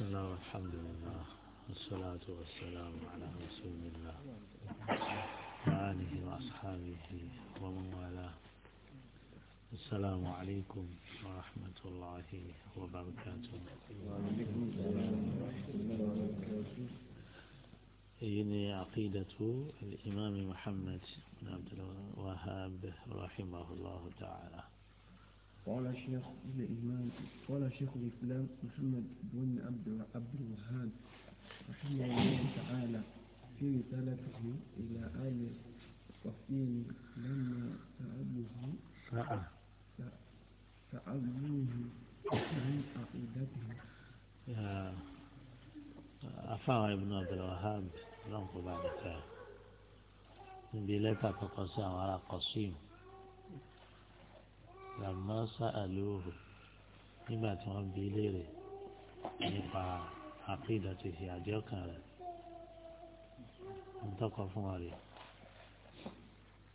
بسم الله والحمد لله والصلاة والسلام على رسول الله وآله وأصحابه ومن والاه السلام عليكم ورحمة الله وبركاته إني عقيدة الإمام محمد بن عبد الوهاب رحمه الله تعالى قال شيخ الإمام قال شيخ الإسلام محمد بن عبد عبد الوهاب رحمه الله تعالى في رسالته إلى آل صفين لما سألوه سألوه عن عقيدته أفاق ابن عبد الوهاب لنقل بعد من بلاد فقسام على قصيم làmásà àlóhùn nígbà tí wọ́n bi léèrè nípa àkídà ti fi àjẹ́ ọkàn rẹ̀ ń tọkọ fún wa rè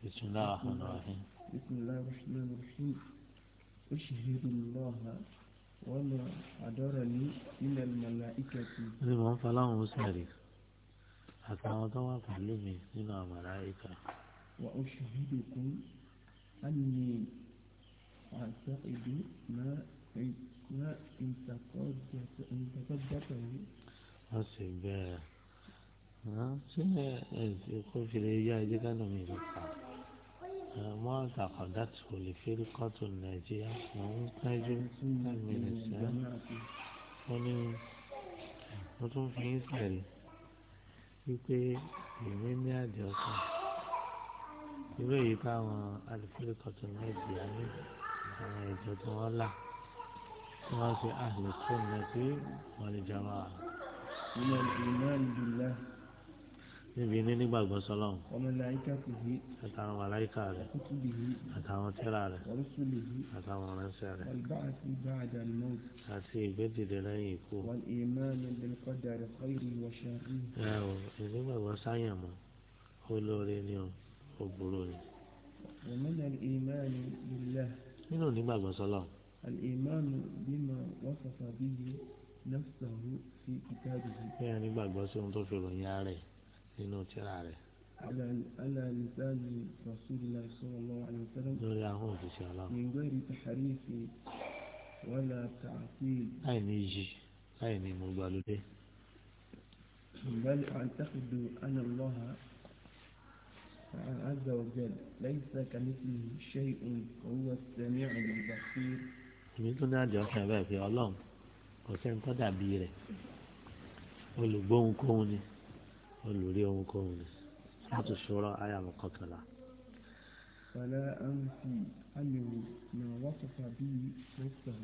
ìtúndà àhànà ọ̀hìn. bisimilahi rahman rahim ushihidu lọ́ha wọ́n mọ ní ilẹ̀ mọ̀lá ìkẹtì. ní mò ń falá òun sẹ́rì àtàwọn tó wà pẹ̀lú mi nínú àmàlà ìkà. wà ushihidu kún á ní. واعتقد ما ما انتقدته ọsẹ bẹ́ẹ̀ ṣé ìkófì lè yá ẹjẹ dáná mi lè fà mọ àtàkọdá tó lè fi kọtù nàìjíríà mọ ń pẹjù mínísẹ ó ní mo tún fi ń sẹrí wípé èmi ní àdìọkàn irú èyí táwọn àlùfẹ́ kọtù nàìjíríà níbi àwọn ìjọ tí wọ́n là tí wọ́n ṣe àlè sọ́nà tí wọ́n lè jà máa. ilé ìgbìmọ̀ ìdílé. níbi ní nígbàgbọ́ sọlọ́run. ọmọ làyíká kò yí. àtàwọn màláyíká rẹ̀. àtàwọn tẹ́lá rẹ̀. àtàwọn ránṣẹ́ rẹ̀. àti ìgbẹ́dìde lẹ́yìn ikú. ẹ ò ìnígbàgbọ́ sáyẹn mọ́ olóore ni ó burú ni. ومن الإيمان بالله nínú onígbàgbọ́ sọlọ. al-imanu bima wasafa bihi nafsahu fi kitabihi. bẹ́ẹ̀ nígbàgbọ́ sí ohun tó fi ròyìn ara rẹ̀ nínú tírà rẹ̀. ala lisani rasulillah sallallahu alaihi wasallam. lórí ahọ́n òṣìṣẹ́ ọlọ́run. min ghairi tahrifi wala ta'til. láì ní yí láì ní mo عز وجل ليس كمثله شيء وهو السميع البصير ìmìtún náà di ọkàn bẹ́ẹ̀ pé ọlọ́run kò sẹ́ni tó dàbí rẹ̀ olùgbóhunkóhun ni olùrí ohunkóhun ni láti ṣòro àyàwó kọkànlá. فلا أنفي عنه ما وصف به نفسه.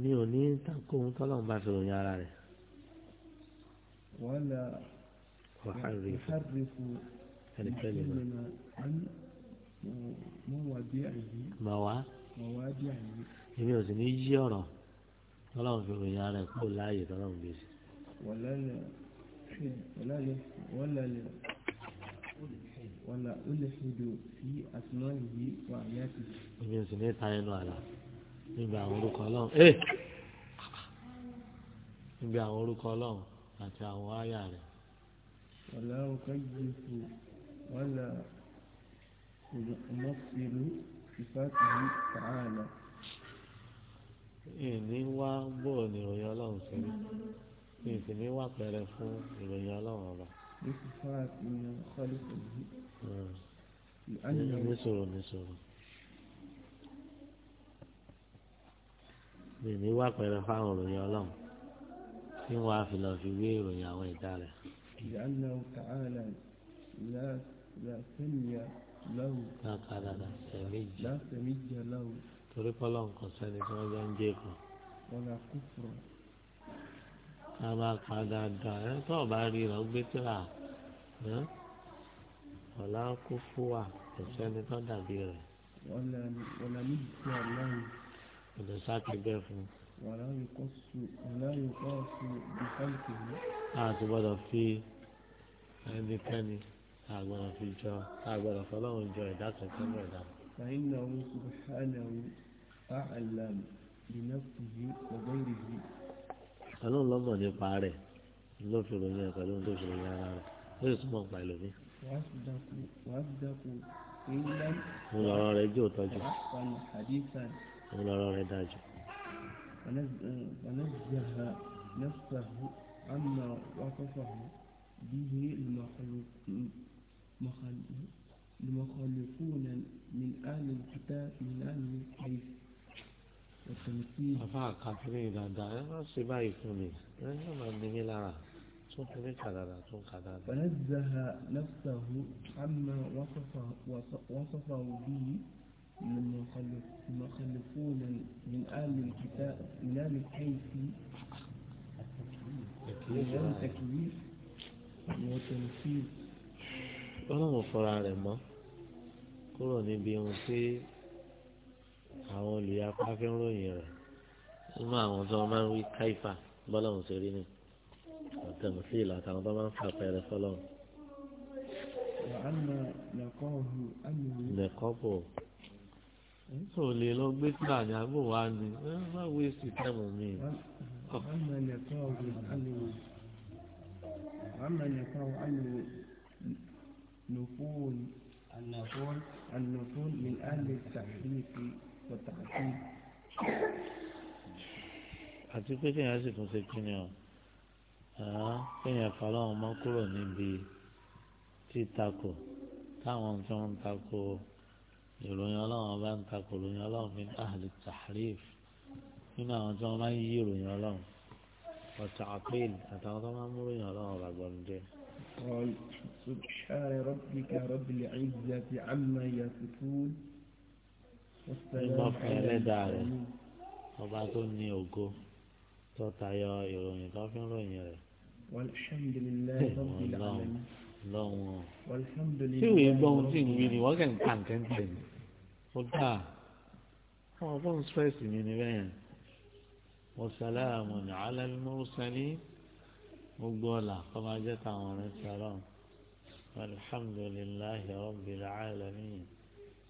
mi ò ní tako ohun tọ́lọ́run bá fi ròyìn ara rẹ̀. ولا يحرف الكلمة مواضعه èmi ò sì ní yí ọ̀rọ̀ tọ́lọ́run fi ròyìn ara ẹ̀ kúrò láàyè tọ́lọ́run gbé sí. wàlà olùfidò sí àtúná yìí wà yàtì. èmi ò sì ní ta ẹnu àlà níbi àwọn orúkọ ọlọ́run ẹ̀ níbi àwọn orúkọ ọlọ́run àti àwọn àyà rẹ̀. wàlà òkè yìí fún. ولا نمثل صفاته تعالى ìní wá bóò ní ìròyìn ọlọ́run sí ní ìsìnní wà pẹ̀rẹ̀ fún ìròyìn ọlọ́run ọba. ní sọ̀rọ̀ hmm. ní sọ̀rọ̀ ìní wà pẹ̀rẹ̀ fáwọn ìròyìn ọlọ́run tí wọ́n á fi lọ́ọ́ fi wé ìròyìn àwọn ìdá rẹ̀. ìyá náà tààlà láti. لا سمي له لا قال لا سمي لا سمي له torí kọ́lọ́ nǹkan sẹ́ni tí wọ́n jọ ń jẹ́ kan. ká bá pa dáadáa ẹ tó bá rí rẹ ó gbé tíra ọ̀la kó fún wa kò sẹ́ni tó dàbí rẹ̀. ọ̀la ní ìsú aláwọ̀. ọ̀dẹ sákẹ́gbẹ́ fún. ọ̀la yóò kọ́ sí ìfọ̀lùkì yìí. a ti gbọ́dọ̀ fi ẹnikẹ́ni àgbọ̀dọ̀ fi jọ àgbọ̀dọ̀ fọlọ́run jọ ẹ̀dá kankan náà dá. fàyínà òun subhanahu a'lam bi nafsihi wa ghayrihi. ọlọ́run lọ́mọ̀ nípa rẹ̀ ló fi ròyìn ẹ̀ pẹ̀lú tó fi ròyìn ara rẹ̀ ó sì túmọ̀ pa ẹlòmíì. òun lọ́rọ̀ rẹ̀ jẹ́ òtọ́jú òun lọ́rọ̀ rẹ̀ dájú. ونزه نفسه عما وصفه به المخلوق المخالفون من أهل الكتاب من أهل الحديث والتمثيل أفا كافرين إذا دعنا سبا يكوني ما عندي لارا فنزه نفسه عما وصف وصفه به من المخلفون من أهل الكتاب من أهل الحيث التكليف والتمثيل ọlọ́run fọra rẹ̀ mọ́ kúrò níbi ohun tí àwọn olùyapa fi ń ròyìn rẹ̀ nínú àwọn tó máa ń wí káìfà bọ́lọ́run ṣe rí ni ọ̀tẹ̀mù sí ìlà àtàwọn tó máa ń fà pẹ̀rẹ̀ fọlọ́run. lẹ́kọ́ bò nítorí olè lọ gbé tíra ní agbó wa ni wọ́n bá wé sí tẹ́mù mi. ọ̀hún. نفون النفون النفون من أهل التحريف والتعطيل àti pé kéèyàn sì tún ṣe kíni ọ kéèyàn fara àwọn ọmọ kúrò níbi títakò táwọn tí wọn ń takò ìròyìn ọlọ́run bá ń takò ìròyìn ọlọ́run fi ahli tahrif nínú àwọn tí wọn máa ń yí ìròyìn ọlọ́run ọ̀tọ̀ àpèl àtàwọn tó máa ń mú ìròyìn ọlọ́run rà gbọ́njẹ́. قال سبحان ربك رب العزة عما يصفون والسلام على ọba tó ní ògo tó tí ìwé gbọ́ ohun tí ìwé ni wọ́n kàn ń pa nǹkan tẹ̀ ní. ó dà wọn fún stress mi ní bẹ́ẹ̀ yẹn. wa salamun ala al-mursalin gbogbo ọ̀la kọ́ máa jẹ́ táwọn ọ̀rẹ́ ti ọlọ́run alhamdulilayi rabbil alamin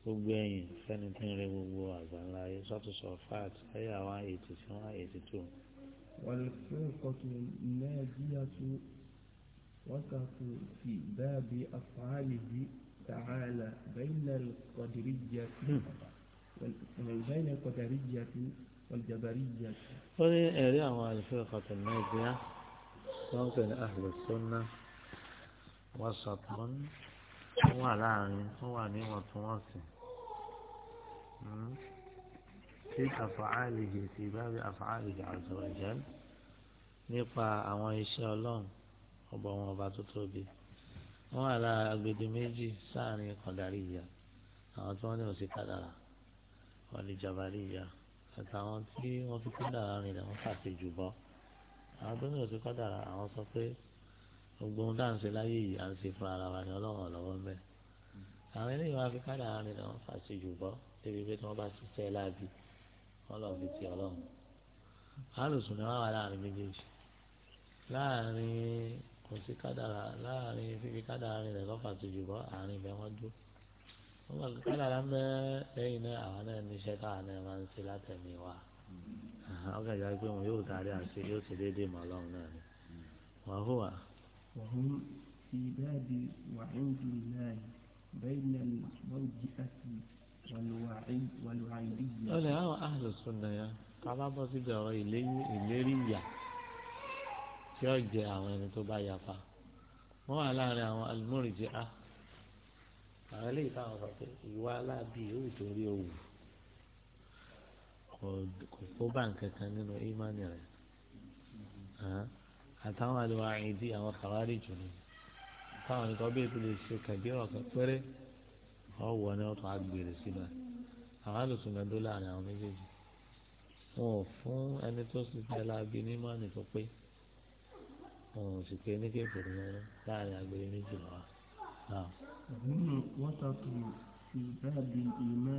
gbogbo ẹ̀yìn fẹ́ni tí ń rẹ gbogbo àgbáńlá ayé sọ́tù sọ fáàtì ayé àwọn ètò tí wọ́n ètò tó. wàlúùfẹ́kọ̀tù nàìjíríàtú wákàtú fi báàbí afáàlìbí tààlà bẹ́ẹ̀nẹ̀l kọ̀dìríjàtú bẹ́ẹ̀nẹ̀l kọ̀dìríjàtú wàlùjàbàríjàtú. ó ní ẹ̀rí àwọn àlùfẹ́kọ̀tù nàìjíríà wọ́n pè ní ahlu sunna wasatun wọ́n wà láàrin wọ́n wà ní ìwọ̀ntúnwọ̀nsì hmm? fi àfàálìhì fi bábí àfàálìhì azza wa jal nípa àwọn iṣẹ́ ọlọ́run ọba wọn ọba tó tóbi wọ́n wà lára agbede méjì sáàrin kọ̀dáríyà àwọn tí wọ́n ní òsì kádàrà wọ́n ní jabaríyà àtàwọn tí wọ́n fi kádàrà rìn lẹ́wọ́n fàṣẹ jù bọ́ àwọn tó ní òsì kádàrá àwọn sọ pé gbogbo ohun tá à ń ṣe láyé yìí à ń ṣe fún ara wa ni ọlọ́run lọ́wọ́ ń bẹ̀. àwọn eléyìí wọn fi kádàrá ni wọn fà sí jù bọ́ débi pé tí wọ́n bá ṣiṣẹ́ láàbì wọ́n lọ́ọ́ fi ti ọlọ́run. alùsùn ni wọ́n wà láàrin méjèèjì láàrin kò sí kádàrá láàrin fífi kádàrá ni lẹ́kọ́ fà sí jù bọ́ àárín ibẹ̀ wọ́n dúró. wọ́n gbàgbé kádàrá ń bẹ́ lẹ́yìn náà àwọn náà ọkà ìyá pé wọn yóò tàrí àṣẹ yóò ṣe déédéé mọ Ọlọ́run náà ni wọn hó wa. wọ́n fi báàbí wàhíńdì náà bẹ́ẹ̀ ni àlùmọ́ọ̀dì àti wàlúwàìdì. ọ̀lẹ́ àwọn àhùn sọ̀nà ya kábàbọ̀ síbi ọ̀rọ̀ ìlérí ìyà tí ó jẹ àwọn ẹni tó bá yapa wọ́n wà láàrin àwọn àlùmọ́ọ̀rì jẹ́ a àwọn eléyìí táwọn sọ pé ìwà aláàbí yóò torí òwò kò kó bá nǹkan kan nínú ìmánì rẹ̀ àtàwọn àlùwà ìdí àwọn kàwárí jù ní táwọn nǹkan bí ètò lè ṣe kàbí ọ̀kan péré ọ̀wọ́ ni wọ́n tún á gbèrè síbà àwọn àlùsùn náà dó láàrin àwọn méjèèjì wọn ò fún ẹni tó ṣiṣẹ́ láabi ní ìmánì tó pé wọn ò sì pé ní kéèkèrè yẹn láàrin agbèrè méjì lọ́wọ́. wọ́n ṣàtúnṣe ìbáàbí ìmọ̀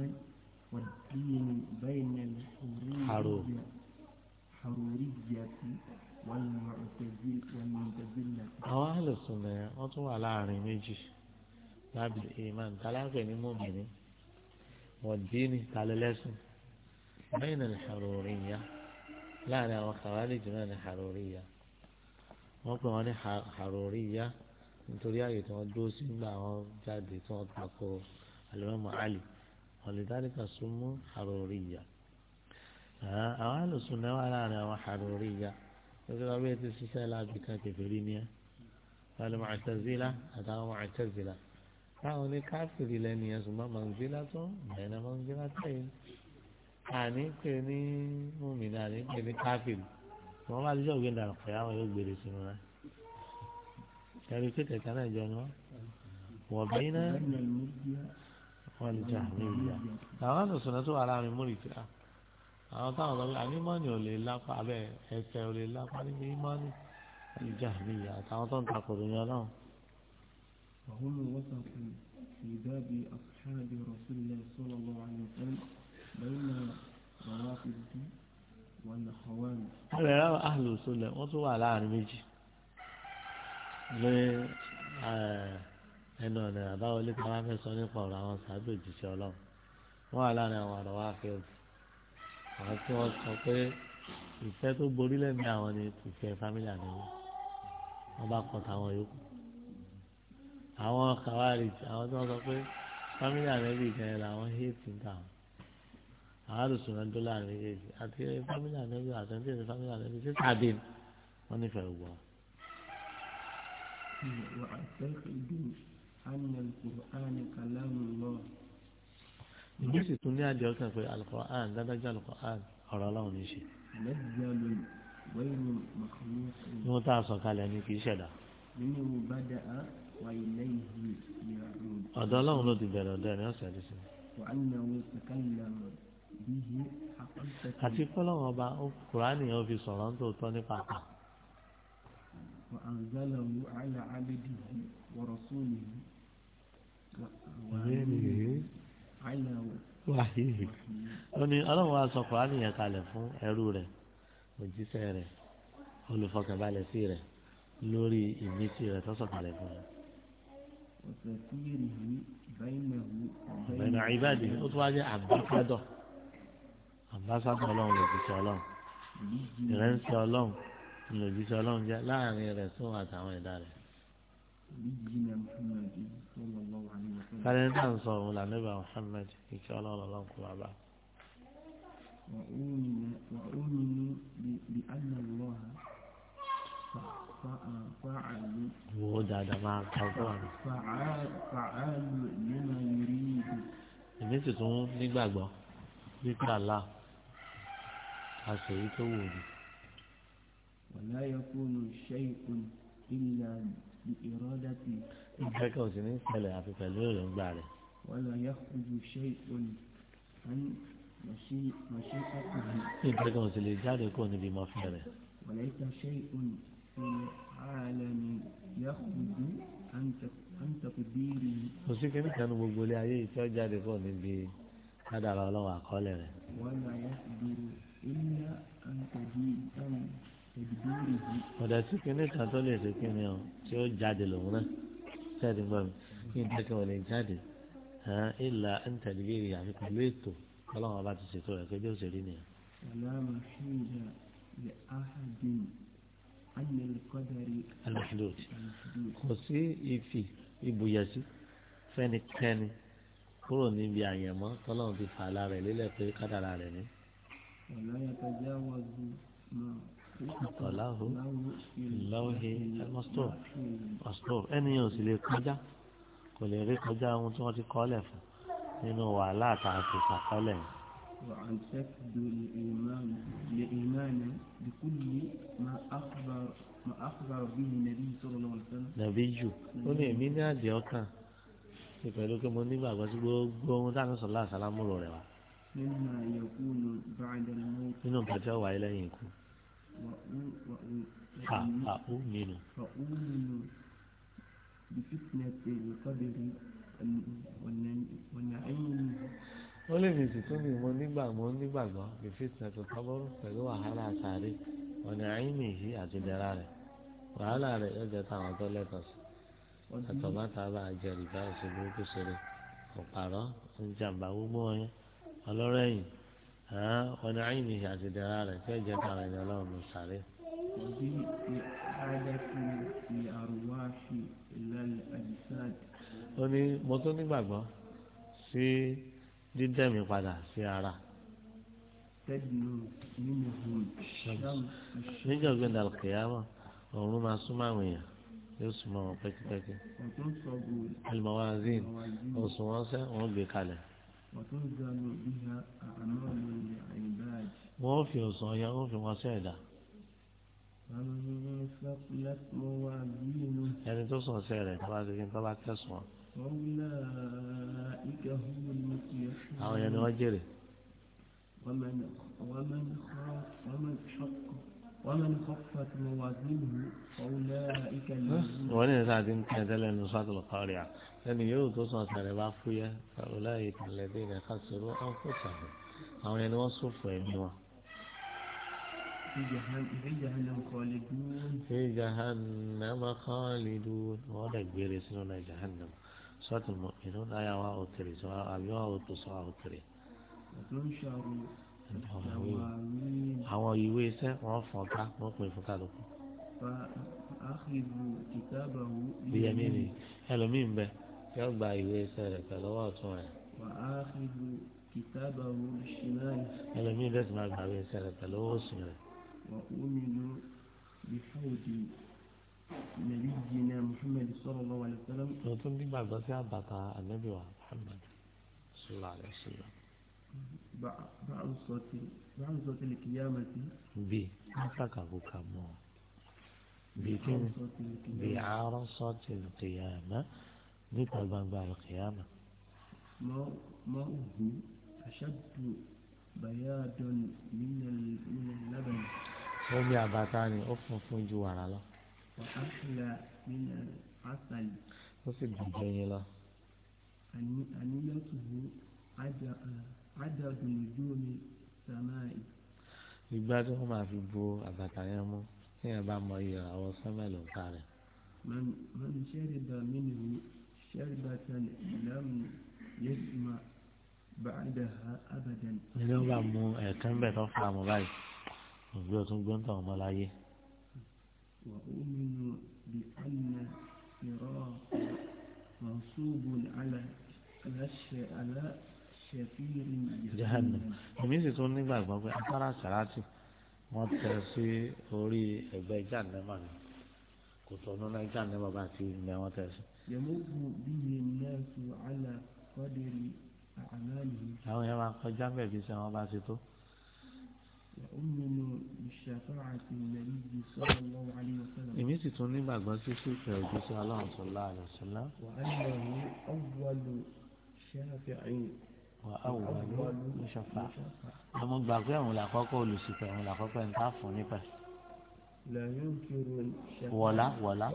والدين بين الحرورية والمعتزلة àwọn àlùsùn rẹ̀ wọ́n tún wà láàrin méjì lábìlì iman talákẹ́ ní mọ́mìnì والدين talẹ́lẹ́sùn بين الحرورية láàrin àwọn khawarij náà ní haruriya wọ́n pè wọ́n ní haruriya nítorí ààyè tí wọ́n dúró sí nígbà wọ́n jáde tí wọ́n tako alimami ali ọ̀lẹ́dáríkà súnmọ́ àròríyà àwọn àlùsùn náà wà láàrin àwọn àròríyà lọ́sọ̀rọ̀ abẹ́rẹ́ ti ṣiṣẹ́ láàbì kan kẹfẹ́rí ni ẹ́ wàlẹ̀ mọ̀tẹ́zílà àtàwọn mọ̀tẹ́zílà táwọn ní káfíìrì lẹ́nu yẹn ṣùgbọ́n mọ̀tẹ́zílà tó bẹ̀rẹ̀ mọ̀tẹ́zílà tẹ̀yìn àní pé ní mùmìnà àní pé ní káfíìrì wọ́n bá díjọ́ ògbé dàrú pé àwọn yóò gbèrè sínú rẹ̀ kẹrin pé kẹ̀kẹ́ náà jọ ni wọ́n wọ̀ bẹ́yìn náà wọ́n lè jà ní ìyá làwọn àtọ̀sọ̀nà tó wà láàrin múrìtì à àwọn táwọn lọ àní mọ́ni ò lè lápá abẹ́ ẹ̀tẹ̀ ò lè lápá níbi mọ́ni wọ́n lè jà ní ìyá àtàwọn tó ń takò lóyún ọlọ́run. àwọn olùwọ́sàn kù في باب أصحاب رسول الله صلى الله عليه وسلم بين روافد والخوان هذا أهل السنة وطوى على عن ميجي ẹnu ọ̀nà àbáwọlé kan wá fẹ́ sọ nípa ọ̀rọ̀ àwọn sàbẹ̀ òjíṣẹ́ ọlọ́run wọ́n wà láàrin àwọn ọ̀rọ̀ wá fẹ́ òdì àwọn tí wọ́n sọ pé ìfẹ́ tó borí lẹ́mí àwọn ni ìfẹ́ fámílì àdéhùn wọ́n bá kọ́ táwọn yòókù àwọn kàwárì àwọn tí wọ́n sọ pé fámílì àdéhùn ìgbà yẹn làwọn héètì ń tàwọn àwọn àdùsùn náà dó láàrin àti fámílì àdéhùn àtẹ̀ǹtẹ̀ fámílì àdéhùn anna al-Qur'ana kalamullah. ìlú sì tún ní àjọ kan pé al-Qur'an dádájọ́ al-Qur'an ọ̀rọ̀ ọlọ́run ní í ṣe. ní wọ́n tá a sọ kalẹ̀ ní kì í ṣẹ̀dá. nínú bàdà á wà ilé ìlú ìyàrá. ọ̀dọ̀ ọlọ́run ló ti bẹ̀rẹ̀ ọ̀dọ̀ ẹ̀ ní ọ̀sẹ̀ àdìsí. wàá àti kọ́lọ́wọ́n ọba kùránì yẹn fi sọ̀rọ̀ ń tòótọ́ nípa àpá. wàá ń zálà wù àlà àbẹ́dì wọ̀rọ̀ sóòlù yìí wàhíì ó ní ọlọ́run wa sọ kùránì yẹn kalẹ̀ fún ẹrú rẹ̀ òjíṣẹ́ rẹ̀ olùfọkànbalẹ̀ sí rẹ̀ lórí ìmísí rẹ̀ tó sọ̀kalẹ̀ fún rẹ̀. ọ̀bẹ̀nà ìbàdí ó tún wá jẹ́ àmbásádọ̀ àmbásádọ̀ ọlọ́run lòjíṣẹ́ ọlọ́run ìrẹ́nsẹ́ ọlọ́run lòjíṣẹ́ ọlọ́run jẹ́ láàrin rẹ̀ sóhun àtàwọn ẹ̀dá rẹ̀ kàlẹ́ńtà ń sọ òun lànàbà Muhammad ìkẹ́ ọlọ́run ọlọ́run kò wá bá. وأؤمن بأن الله فعل فعل لما يريد èmi sì tún nígbàgbọ́ wípé àlá a sì èyí tó wù mí. ولا يكون شيء إلا إرادتي. ذلك وسنين سلا في فلول بعد ولا يخرج شيء عن مشيئته ذلك وسنين جاد يكون بما فعله وليس شيء في العالم يخرج عن عن تقديره وسيك كان بقول أي شيء جاد يكون ب هذا الله أقوله ولا يقدر إلا أن تجيء ọ̀dà tí kìíní kan tó lè ṣe kìíní ọ tí ó jáde lòun náà jáde gbọ́ mi kí n dákẹ́ wọn lè jáde ìlà ń tẹ̀lé bíi àfi pẹ̀lú ètò ọlọ́run ọba ti ṣètò rẹ̀ pé bí ó ṣe rí nìyẹn. sàlámù ṣíjà lè áhàdìn ánilẹ́kọ́dárì. alùpùpù kò sí ìfì ìbùyẹ̀sí fẹ́nikẹ́ni kúrò níbi àyẹ̀mọ́ tọ́lọ́run ti fà lára rẹ̀ lélẹ̀ pé kádàrà rẹ̀ ní. ọ̀la yàtọ̀ jáwọ́ ju náà ọ̀làhù ìlàwọ̀hẹ mọ́sítọ̀ mọ́sítọ̀ ẹni yóò sì lè kọjá kò lè rí kọjá ohun tí wọ́n ti kọ́ lẹ̀ fún nínú wàhálà àtàkùn sàkọ́lẹ̀ yìí. وعن تكبر الإيمان لإيمانا بكل ما أخبر ما أخبر به النبي صلى الله عليه وسلم. نبي وني مين أدي أكا pẹ̀lú pé mo nígbàgbọ́ sí gbogbo ohun táwọn sọ̀lá àsálàmù rẹ̀ wá. nínú ìyókù nù bá àdàlù mọ́. nínú ìgbà tí ó wáyé lẹ́yìn ikú. فأؤمن فأؤمن بفتنة القبر والنعيم wọ́n lè fèsì tó ní mo nígbàgbọ́ nígbàgbọ́ lè fèsì náà tó kábọ́rọ́ pẹ̀lú wàhálà àtàrí ọ̀nà àìní yìí àti ìdára rẹ̀ wàhálà rẹ̀ yóò jẹ́ táwọn tó lẹ́tọ̀ọ́ sí àtọ̀bátà bá a jẹ ìbá ìṣòro tó ṣeré ọ̀pàrọ̀ ń jàǹbá gbogbo wọn ọlọ́rọ̀ ẹ̀yìn ọ̀nà àyìnbí àti dara rẹ̀ tí ó jẹ́ káwọn ẹni ọlọ́run ló sáré. òbí ti àdàkù ti àrùwá fi ìlàlẹ̀ àdìsáàdì. ó ní mo tún nígbàgbọ́ sí dídẹ̀mí padà sí ara. tẹ́gbìnú nínú ìhòòhò. níjọ́ gbẹ̀dẹ̀ máa súnmọ́ àwọn èèyàn yóò súnmọ́ wọn pẹ́kípẹ́kí. àlùmọ́wá zin òsùn wọn gbé kalẹ̀ wọ́n fi ọ̀sán ya wọ́n fi wọn sí ẹ̀dá. ẹni tó sọ ọ̀sẹ̀ rẹ̀ tó bá ti kín bá tẹ̀sùn àwọn yẹn ni wọ́n jèrè. wọ́n mẹ́ni xọ́ wọ́n mẹ́ni xọ́. ومن خفت موازينه فأولئك ومن سعد كذل النصاة القارعة لن يوتوصى ربافية فأولئك الذين خسروا أنفسهم أو خفت يعني فهموا يعني. في جهنم خالدون في جهنم خالدون وانا جهنم سورة المؤمنون آية واو تري سواء أبيوها وتصواء تري وتنشر àwọn ìwé iṣẹ́ wọ́n fọ́n ká wọ́n pè fún kálukú. bíyẹmí ni ẹlòmíì ń bẹ yóò gba ìwé iṣẹ́ rẹ̀ pẹ̀lú ọwọ́ ọ̀tún rẹ̀. ẹlòmíì bẹ́ẹ̀ sì máa gba ìwé iṣẹ́ rẹ̀ pẹ̀lú ọwọ́ òsì rẹ̀. نبينا محمد صلى الله عليه وسلم. وتم بما بس يا بطا النبي محمد صلى الله عليه وسلم báńsọ̀tì lè kíyàmà sí. bí afáàkà kò kà mọ́ bí àárọ̀ sọ́tì lè kíyàmà níta gbangba lè kíyàmà. mọ́ òhun aṣáájú bàyá dán nílẹ̀ lábẹ́ni. ó ní àbàtà ni ó funfun ju wàrà lọ. wàhálà nílẹ̀ àṣàlì. ó sì dùn jẹyìn lọ. àníyàn tó wù ájà adàgùn ojú omi sàmáì. ìgbà tí wọ́n máa fi bo àbàtà yẹn mú tí yẹn bá mọ iye àwọn sọ́mẹ̀lì ń parẹ́. mọ̀nì sẹ́ríbà mínú sẹ́ríbà tani lámù yẹ́sùmá bàdà abadan. ilé wọn bá mú ẹ̀ẹ̀kan bẹ̀ tó fà mọ́ báyìí òbí ọtún gbọ́ntàn ọmọ láyé. wà ó nínú bí àná ìrọ̀ mọ̀ṣúbù alá aláṣẹ alá jahannam èmi sì tún nígbàgbọ́ pé afárá sàràtì wọ́n tẹ sí orí ẹ̀gbẹ́ jahannama ni kò tó ọdún náà jahannama bá ti ń bẹ wọ́n tẹ sí. àwọn yẹn máa kọjá bẹ́ẹ̀ bí sẹ́wọ́n bá ti tó. Èmi sì tún nígbàgbọ́ sí sífẹ̀ òjíṣẹ́ aláǹsọ̀lá àlùsọ̀lá. Wàhálà ni ọ̀wọ́lù ṣáfì àyìn wà á wò wá ló ṣọfà àmọ gbà pé àwọn làkọ́kọ́ olùsìkọ̀ àwọn làkọ́kọ́ ẹni tá a fún nípa. wọlá wọlá.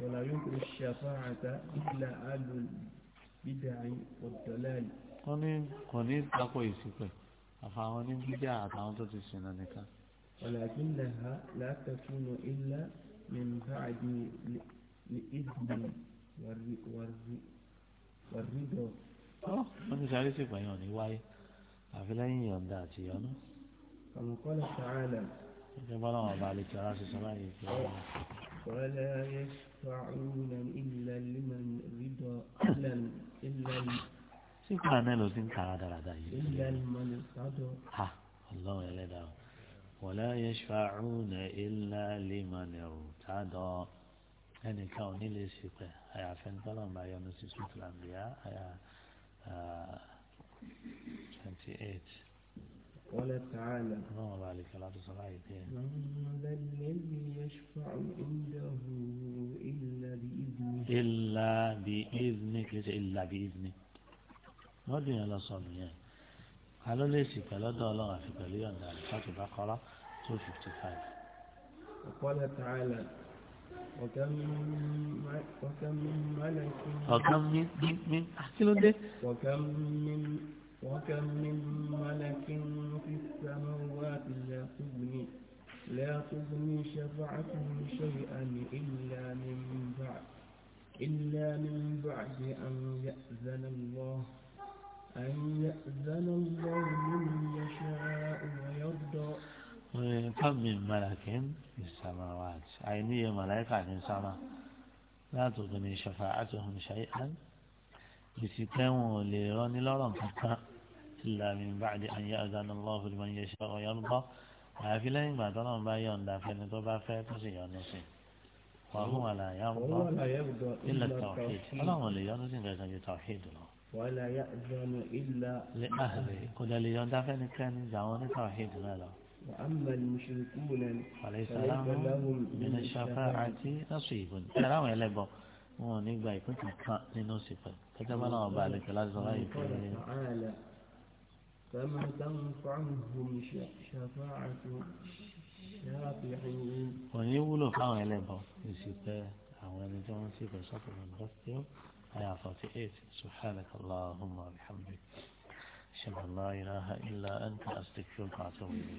wọlá yóò kiri ṣàfà àtà ìlà àlù bídà ọ̀dọ́láàlì. wọ́n ní kò ní takò ìsìnkú àfàwọn ní bídà àtàwọn tó ti sìn náà nìkan. ولكنها لا تكون إلا من بعد الإذن والرئ wọ́n ti sáré sèpà yẹn ò ní wáyé àfi lẹ́yìn yọ̀ǹda àti yọ̀nà. àmukọ́lẹ̀ sàrẹ́lẹ̀. ẹgbẹ́ bọ́lá wọn bá lè tẹ ara sísan báyìí fi wọn. wàlẹ̀ ayé fàáhùnà ilẹ̀ lẹ́mọ̀n rídọ̀ ilẹ̀. sípò àná ló ti ń kàrà dáradára yìí. ilẹ̀ mọ̀lẹ́ sádọ̀. ha ọlọ́run ẹlẹ́dàá wàlẹ̀ ayé fàáhùnà ilẹ̀ lẹ́mọ̀n rídọ̀ ẹnìkan ò ní lè ṣe pẹ àyàfẹ ńtọ́nà bá yọnu sí sùtùlàǹdìyà àyà twenty eight. قال تعالى اللهم بارك لا تصلى ذا الذي يشفع عنده إلا بإذنه إلا بإذنك إلا بإذنك ما دين الله صلى قالوا ليس كلا دولا في كليون دار فاتو بقرة 255 وقال تعالى وكم ملك وكم من من وكم من وكم من ملك في السماوات لا تغني لا تغني شفاعتهم شيئا إلا من بعد إلا من بعد أن يأذن الله أن يأذن الله لمن يشاء ويرضى كم من ملك في السماوات أي نية ملائكة في السماء لا تغني شفاعتهم شيئا لسكام ليرون لرم إلا من بعد أن يأذن الله لمن يشاء ويرضى ما في لين ما ترى ما يندى في نتوبة في تسير نسي وهو لا يرضى إلا التوحيد اللهم ليرضي إلا التوحيد ولا يأذن إلا لأهله قل ليرضى في نتوبة في نتوبة وأما المشركون فليس لهم من الشفاعة نصيب سلام يا لبا ونقبع كنت مكان لنصفة كتب الله بالك لا زغاية فما تنفعهم شفاعة شافعين ونقول فاو يا لبا نصفة أولا جوان سيفة شطر من غفتهم سبحانك اللهم وبحمدك أشهد أن لا إله إلا أنت أستغفرك وأتوب إليك